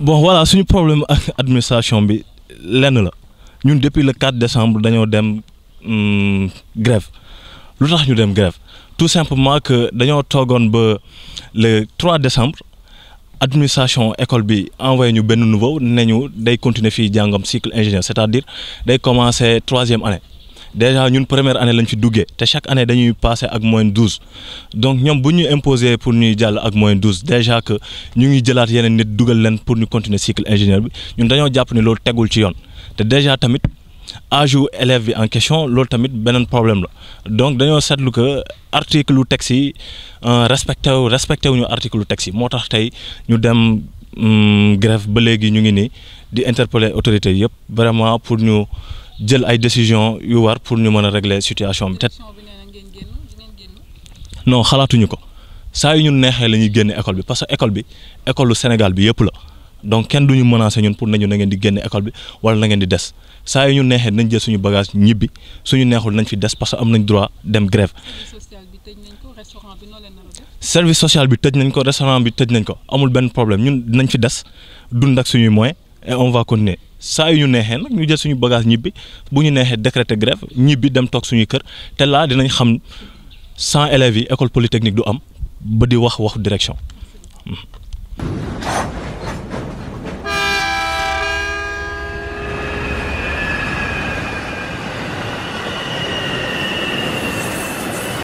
bon voilà suñu problème ak administration bi lenn la ñun depuis le 4 décembre dañoo dem grève lu tax ñu dem grève tout simplement que dañoo toogoon ba le trois décembre administration école bi envoyé ñu benn nouveau ne ñu day continuer fii jàngam cycle ingénieur c'est-à-dire day commencer troisième année déjà ñun première année lañ fi duggee te chaque année dañuy passé ak moins douze donc ñoom bu ñu imposer pour ñuy jàll ak moins douze déjà que ñu ngi jëlaat yeneen nit dugal leen pour ñu continuer cycle ingénieur bi ñun dañoo jàpp ni loolu tegul ci yoon te déjà tamit âge wu élève bi en question loolu tamit beneen problème la donc dañoo seetlu que article lu texte yi euh, respecté wu respecté wuñu article lu texte yi moo tax tey ñu dem hmm, grève ba léegi ñu ngi nii di interpeller autorités yëpp vraiment pour ñu. jël ay décision yu war pour ñu mën a régler situation bi te non xalaatuñu ko saa yi ñun neexee lañuy ñuy génne école bi parce que école bi école lu Sénégal bi yëpp la donc kenn ñu menacé ñun pour nañu na ngeen di génne école bi wala na ngeen di des saa yu ñu neexee nañ jël suñu bagage ñibbi suñu neexul nañ fi des parce que am nañ droit dem grève service sociale bi tëj nañ ko restaurant bi tëj nañ ko amul benn problème ñun dinañ fi des dund ak suñuy moyens et on va saa yu ñu neexee nag ñu jël suñu bagage ñibbi bu ñu neexee décréter grève ñibbi dem toog suñuy kër te laa dinañ xam sans élèves yi école polytechnique du am ba di wax waxu direction.